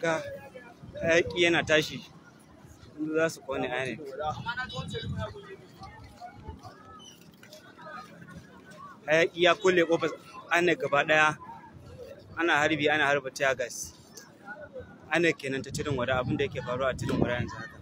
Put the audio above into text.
ka hayaki yana tashi inda za su kone INEC hayaki ya kulle kofar ana gaba daya ana harbi ana harba tear gas INEC kenan ta tirin wada abinda yake faruwa a tirin wada yanzu haka